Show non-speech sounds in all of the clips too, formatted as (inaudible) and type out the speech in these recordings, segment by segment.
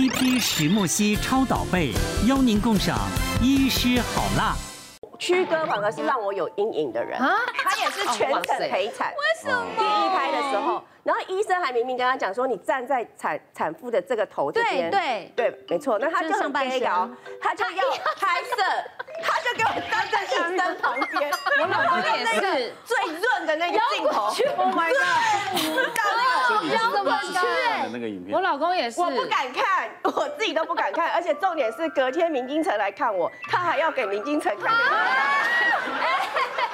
一批石墨烯超導被邀您共賞醫師好辣。曲哥反而是讓我有陰影的人啊，他也是全程陪產。為什麼第一胎的時候，然後醫生還明明跟他講說，你站在產產婦的這個頭這邊。對對對，沒錯。那他就上半腰，他就要拍攝，他就給我站在醫生旁邊。我老公也是最潤的那個鏡頭。Oh my god！麼精。那個影片，我老公也是，我不敢看，我自己都不敢看，而且重點是隔天明金城來看我，他還要給明金城看。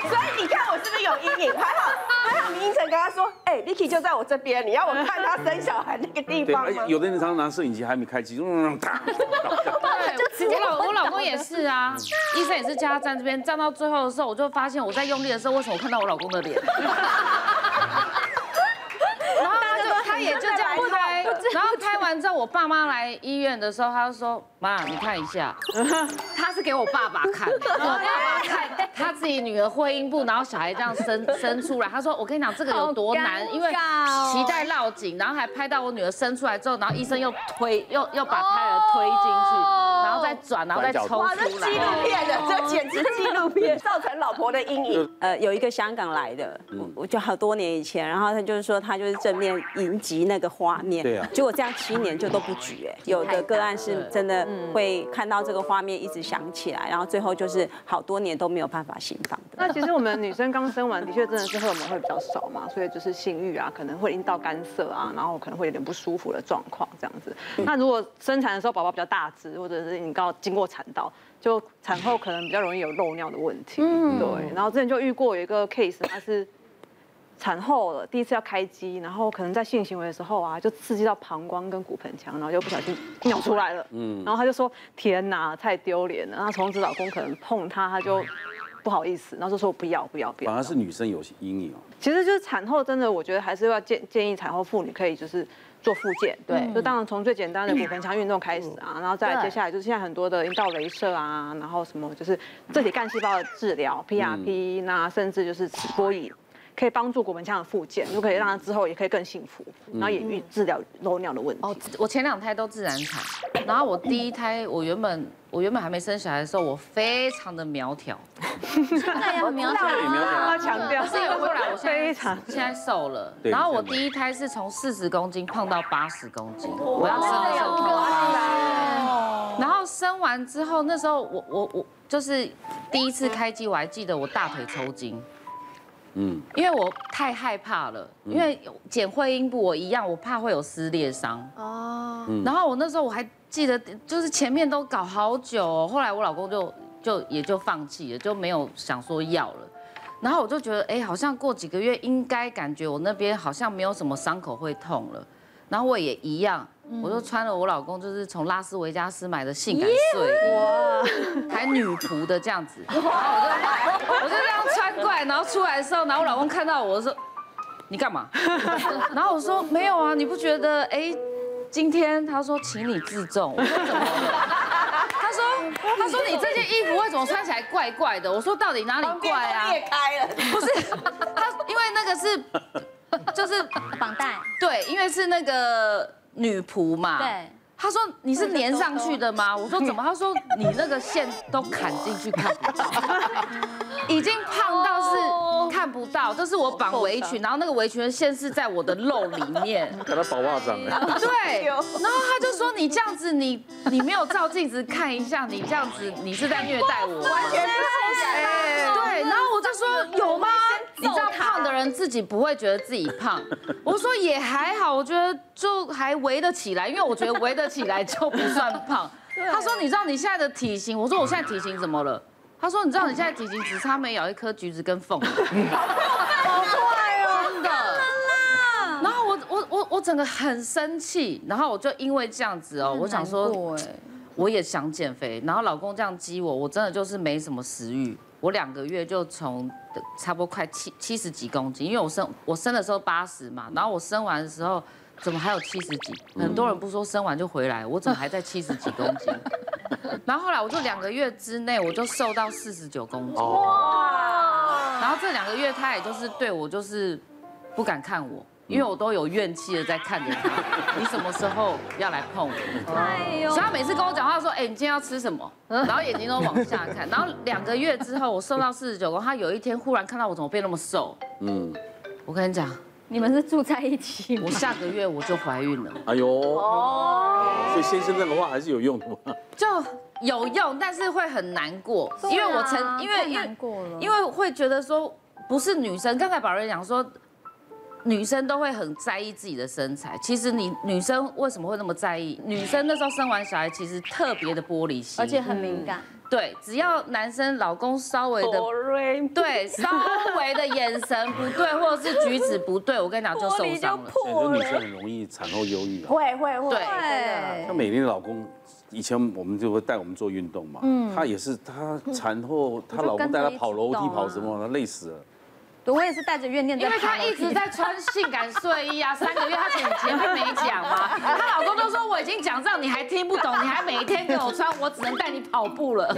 所以你看我是不是有陰影？還好還好明金城跟他說，哎，Vicky 就在我這邊，你要我看他生小孩那個地方嗎？有的醫生拿攝影機還沒開機，咚打。我老我老公也是啊，醫生也是叫他站這邊，站到最後的時候，我就發現我在用力的時候，為什麼我看到我老公的臉？之後我爸媽來醫院的時候，他就說：“媽，你看一下。 (laughs) ”他是給我爸爸看，給我爸爸看他自己女兒會陰部，然後小孩這樣生生出來。他說：“我跟你講，這個有多難，因為臍帶繞頸，然後還拍到我女兒生出來之後，然後醫生又推又又把胎兒推進去，然後再轉，然後再抽出來。哇！”這紀錄片的，對這簡直紀錄片， (laughs) 造成老婆的陰影。呃，有一個香港來的，我就好多年以前，然後他就是說他就是正面迎擊那個畫面，對啊，結果這樣七年就都不舉。哎，有的個個案是真的會看到這個畫面一直想。想起來，然後最後就是好多年都沒有辦法行房的。 (laughs) 那其實我們女生剛生完，的確真的是荷爾蒙會比較少嘛，所以就是性欲啊，可能會陰道乾澀啊，然後可能會有點不舒服的狀況這樣子。嗯。那如果生產的時候寶寶比較大只，或者是你剛剛經過產道，就產後可能比較容易有漏尿的問題。嗯，對。然後之前就遇過有一個 case，他是。產後了，第一次要開機，然後可能在性行為的時候啊，就刺激到膀胱跟骨盆腔，然後就不小心尿出來了。嗯，然後她就說：“天哪、啊，太丟臉了。”然後從此老公可能碰她，她就不好意思，然後就說：“我不要，不要，不要。”反而是女生有陰影哦。其實就是產後真的，我覺得還是要建建議產後婦女可以就是做復健，對，嗯、就當然從最簡單的骨盆腔運動開始啊，然後再接下來就是現在很多的陰道雷射啊，然後什麼就是這些幹細胞的治療、PRP、嗯、那甚至就是磁波椅。可以幫助骨盆腔的復健，就可以讓他之後也可以更幸福，嗯、然後也預治療漏尿的問題。哦，我前兩胎都自然產，然後我第一胎我原本我原本還沒生小孩的時候，我非常的苗條， (laughs) 真的要苗條啊！苗條我強調，是有我現在常現在瘦了。然後我第一胎是從四十公斤胖到八十公斤，哦、我要吃肉。哦、然後生完之後，那時候我我我就是第一次開機，我還記得我大腿抽筋。嗯，因為我太害怕了，嗯、因為剪會陰部我一樣，我怕會有撕裂傷哦。然後我那時候我還記得，就是前面都搞好久，哦，後來我老公就就也就放棄了，就沒有想說要了。然後我就覺得，哎，好像過幾個月應該感覺我那邊好像沒有什麼傷口會痛了。然後我也一樣，嗯、我就穿了我老公就是從拉斯維加斯買的性感睡衣，哇還女僕的這樣子，我就，哇我就。然後出來的時候，然後我老公看到我說：“你幹嘛？”然後我說：“沒有啊，你不覺得哎、欸，今天他說請你自重。”我說：“怎麼了？”他說：“他說你這件衣服為什麼穿起來怪怪的？”我說：“到底哪裡怪啊？”裂開了，不是他，因為那個是就是綁帶，對，因為是那個女僕嘛，對。他說，你是粘上去的嗎？我說，怎麼？他說，你那個線都砍進去看不到，已經胖到是看不到，就是我綁圍裙，然後那個圍裙的線是在我的肉裡面，給他綁襪子那樣。對，然後他就說，你這樣子，你你沒有照鏡子看一下，你這樣子，你是在虐待我，完全不是。對，然後我就說有嗎？你知道胖的人自己不會覺得自己胖，我說也還好，我覺得就還圍得起來，因為我覺得圍得起來就不算胖。他說你知道你現在的體型，我說我現在體型怎麼了？他說你知道你現在體型只差沒咬一顆橘子跟鳳梨。好壞哦，真的。然後我我我我整個很生氣，然後我就因為這樣子哦、喔，我想說，我也想減肥，然後老公這樣激我，我真的就是沒什麼食慾。我兩個月就從差不多快七七十幾公斤，因為我生我生的時候八十嘛，然後我生完的時候怎麼還有七十幾？很多人不說生完就回來，我怎麼還在七十幾公斤？然後後來我就兩個月之內我就瘦到四十九公斤。哇！然後這兩個月他也就是對我就是不敢看我。因為我都有怨氣的在看着他，你什麼時候要來碰我？ (laughs) 所以他每次跟我講話說，哎，你今天要吃什麼？然後眼睛都往下看。然後兩個月之後，我瘦到四十九公，他有一天忽然看到我怎麼變那麼瘦。嗯，我跟你講，你們是住在一起嗎？我下個月我就懷孕了。哎呦，哦，所以先生那個話還是有用的嗎？就有用，但是會很難過，因為我曾因為因為因為會覺得說不是女生，剛才保仁講說。女生都會很在意自己的身材。其實你女生為什麼會那麼在意？女生那時候生完小孩，其實特別的玻璃心，而且很敏感。對，只要男生老公稍微的對對，微的對，稍微的眼神不對，或者是舉止不對，我跟你講就受傷了。很多女生很容易產後憂鬱。會會會。對。他美玲的老公以前我們就會帶我們做運動嘛，嗯，他也是他產後他老公帶他跑樓梯跑什麼，他累死了。我也是帶着怨念的。因為她一直在穿性感睡衣啊，三個月她前面沒講嘛。她老公都說我已經講到你還聽不懂？你還每天給我穿，我只能帶你跑步了。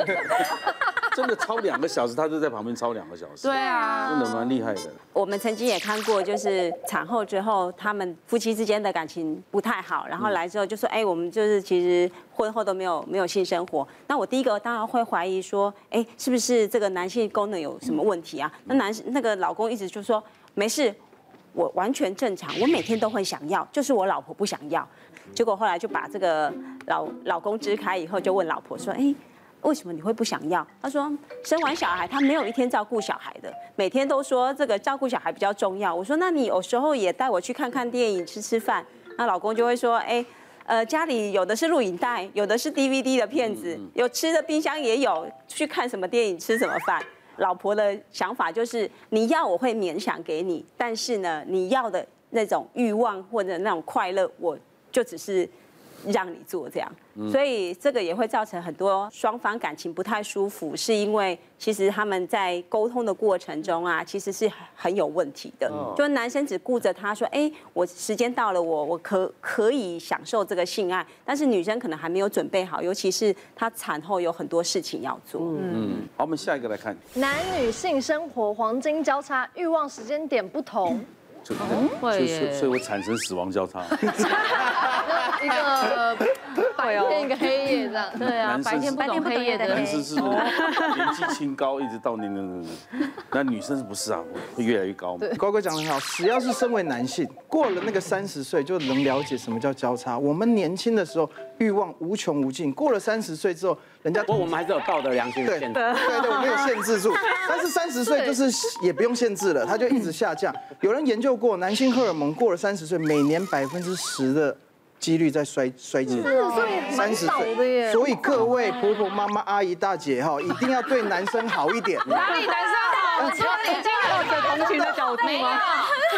真的超兩個小時，他就在旁邊超兩個小時。對啊，真的蠻厲害的。我們曾經也看過，就是產後之後，他們夫妻之間的感情不太好，然後來之後就說，哎，我們就是其實婚後都沒有沒有性生活。那我第一個當然會懷疑說，哎，是不是這個男性功能有什麼問題啊？那男那個老。老公一直就說沒事，我完全正常，我每天都會想要，就是我老婆不想要。結果後來就把這個老老公支開以後，就問老婆說：“哎，為什麼你會不想要？”他說：“生完小孩，他沒有一天照顧小孩的，每天都說這個照顧小孩比較重要。”我說：“那你有時候也帶我去看看電影，吃吃飯。”那老公就會說：“誒，呃，家裡有的是錄影帶，有的是 DVD 的片子，有吃的冰箱也有，去看什麼電影，吃什麼飯。”老婆的想法就是你要，我會勉強給你；但是呢，你要的那種欲望或者那種快樂，我就只是。讓你做這樣，所以這個也會造成很多雙方感情不太舒服，是因為其實他們在溝通的過程中啊，其實是很有問題的。就男生只顧着他說，哎，我時間到了，我我可可以享受這個性愛，但是女生可能還沒有準備好，尤其是她產後有很多事情要做。嗯，好，我們下一個來看男女性生活黃金交叉，慾望時間點不同。嗯會耶，所以我產生死亡交叉。變對、哦、一個黑夜這樣，對啊，白天不懂白天不懂黑夜的男生是說 (laughs) 年紀輕高，一直到那那那女生是不是啊？會越來越高嘛？高哥對講的很好，只要是身為男性，過了那個三十歲就能了解什麼叫交叉。我們年輕的時候慾望無窮無盡，過了三十歲之後，人家不過我們還是有道德良心的對，對對我們有限制住。但是三十歲就是也不用限制了，他就一直下降。對有人研究過，男性荷爾蒙過了三十歲，每年百分之十的，幾率在衰衰減，三十歲，所以各位婆婆、媽媽、阿姨、大姐哈，一定要對男生好一點， (laughs) 哪裡男生好？從你鏡頭的生同情的角度嗎，沒有，很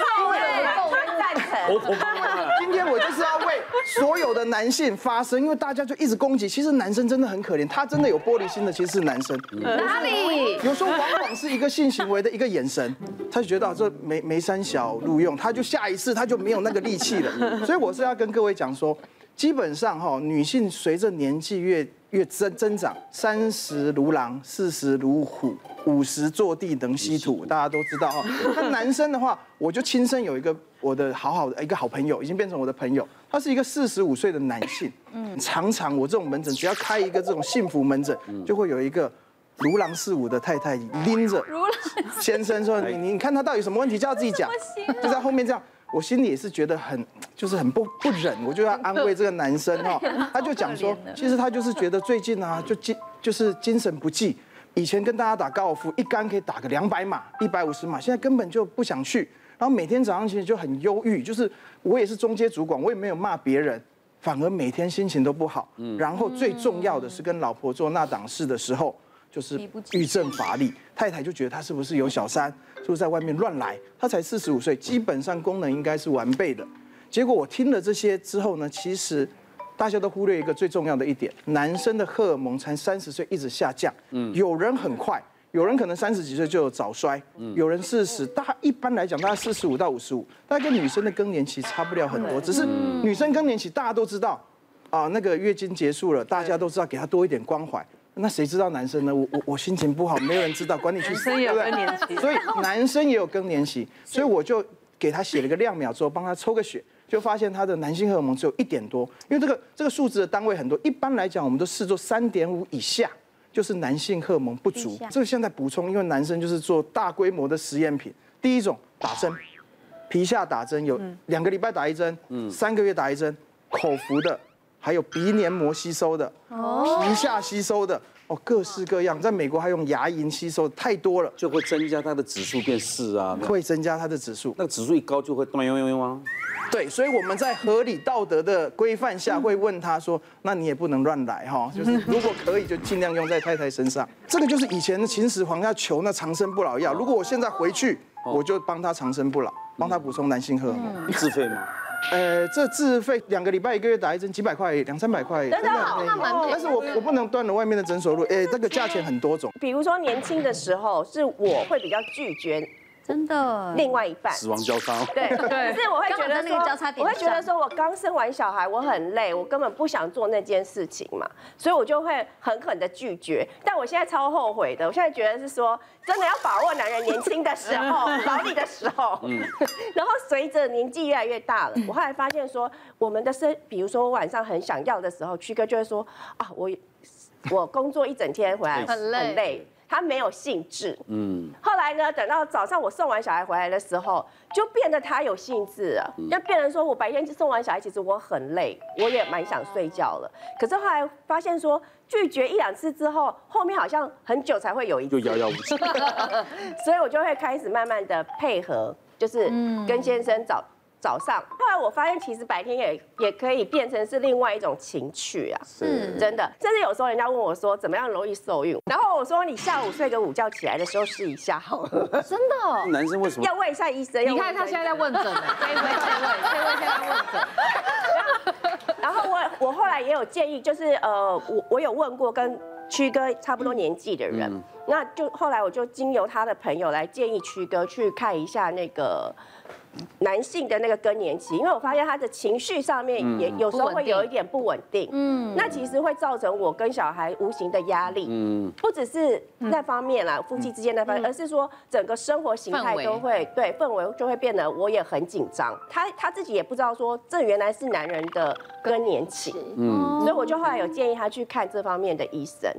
好，我贊成。今天我就是要為所有的男性發聲，因為大家就一直攻擊。其實男生真的很可憐，他真的有玻璃心的，其實是男生。哪裡？有時候往往是一個性行為的一個眼神，他就覺得、啊、這沒沒三小路用，他就下一次他就沒有那個力氣了。所以我是要跟各位講說，基本上哈，女性隨着年紀越……越增增長，三十如狼，四十如虎，五十坐地能吸土，大家都知道哈。他男生的話，我就親身有一個我的好好的一個好朋友，已經變成我的朋友，他是一個四十五歲的男性。嗯，常常我這種門診，只要開一個這種幸福門診，就會有一個如狼似虎的太太拎着先生說：“你你你看他到底什麼問題，就要自己講，就在後面這樣。”我心裡也是覺得很，就是很不不忍，我就要安慰這個男生哈、哦，他就講說， (laughs) 好可憐的其實他就是覺得最近啊，就精就是精神不濟，以前跟大家打高爾夫，一桿可以打個兩百碼、一百五十碼，現在根本就不想去，然後每天早上其實就很憂鬱，就是我也是中階主管，我也沒有罵別人，反而每天心情都不好，然後最重要的是跟老婆做那檔事的時候。就是抑鬱症、乏力，太太就覺得他是不是有小三，是不是在外面亂來？他才四十五歲，基本上功能應該是完備的。結果我聽了這些之後呢，其實大家都忽略一個最重要的一點：男生的荷爾蒙才三十歲一直下降，嗯，有人很快，有人可能三十幾歲就有早衰，嗯，有人四十，大一般來講大概四十五到五十五，大概跟女生的更年期差不了很多，只是女生更年期大家都知道，啊、呃，那個月經結束了，大家都知道給他多一點關懷。那誰知道男生呢？我我我心情不好，沒有人知道，管你去。男生也有更年期，對不對？所以男生也有更年期。是所以我就給他寫了個量表，之後幫他抽個血，就發現他的男性荷爾蒙只有一點多。因為這個這個數字的單位很多，一般來講我們都視作三點五以下就是男性荷爾蒙不足。下這個現在補充，因為男生就是做大規模的實驗品。第一種打針，皮下打針，有兩個禮拜打一針，嗯、三個月打一針，口服的。還有鼻粘膜吸收的，皮下吸收的，哦，各式各樣。在美國還用牙齦吸收，太多了就會增加它的指數變四啊，會增加它的指數。那個指數一高就會亂用用用啊。對，所以我們在合理道德的規範下，會問他說，那你也不能亂來哈，就是如果可以就盡量用在太太身上。這個就是以前秦始皇要求那長生不老藥，如果我現在回去，我就幫他長生不老，幫他補充男性荷爾蒙，自費嘛。呃，這自費兩個禮拜一個月打一針，幾百塊兩三百塊。哦啊、真的，但是我我不能斷了外面的診所路，對哎，那個價錢很多種。比如說年輕的時候，是我會比較拒絕。真的，另外一半死亡交叉。對，對 可是我會覺得那個交叉點，我會覺得說我剛生完小孩，我很累，我根本不想做那件事情嘛，所以我就會狠狠的拒絕。但我現在超後悔的，我現在覺得是說，真的要把握男人年輕的時候，勞力的時候。嗯。然後隨着年紀越來越大了，我後來發現說，我們的生，比如說我晚上很想要的時候，曲哥就會說啊，我我工作一整天回來很累。他沒有興致，嗯。後來呢，等到早上我送完小孩回來的時候，就變得他有興致了，嗯、就變成說我白天送完小孩，其實我很累，我也蠻想睡覺了。可是後來發現說，拒絕一兩次之後，後面好像很久才會有一次，就遙遙不， (laughs) 所以，我就會開始慢慢的配合，就是跟先生找。嗯早上，後來我發現其實白天也也可以變成是另外一種情趣啊，是，真的。甚至有時候人家問我說怎麼樣容易受孕，然後我說你下午睡個午覺起來的時候試一下。好了。真的？男生為什麼要問一下醫生？要問你看他現在在問診呢，可以問先問，可問先問診、診、問診然。然後我我後來也有建議，就是呃，我我有問過跟曲哥差不多年紀的人，嗯、那就後來我就經由他的朋友來建議曲哥去看一下那個。男性的那個更年期，因為我發現他的情緒上面也有時候會有一點不穩定，嗯，那其實會造成我跟小孩無形的壓力，嗯，不只是那方面啦，嗯，夫妻之間那方面，嗯，而是說整個生活形態都會氛圍，對，氛圍就會變得我也很緊張，他他自己也不知道說這原來是男人的更年期，嗯，嗯，所以我就後來有建議他去看這方面的醫生，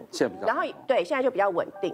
然後對，現在就比較穩定。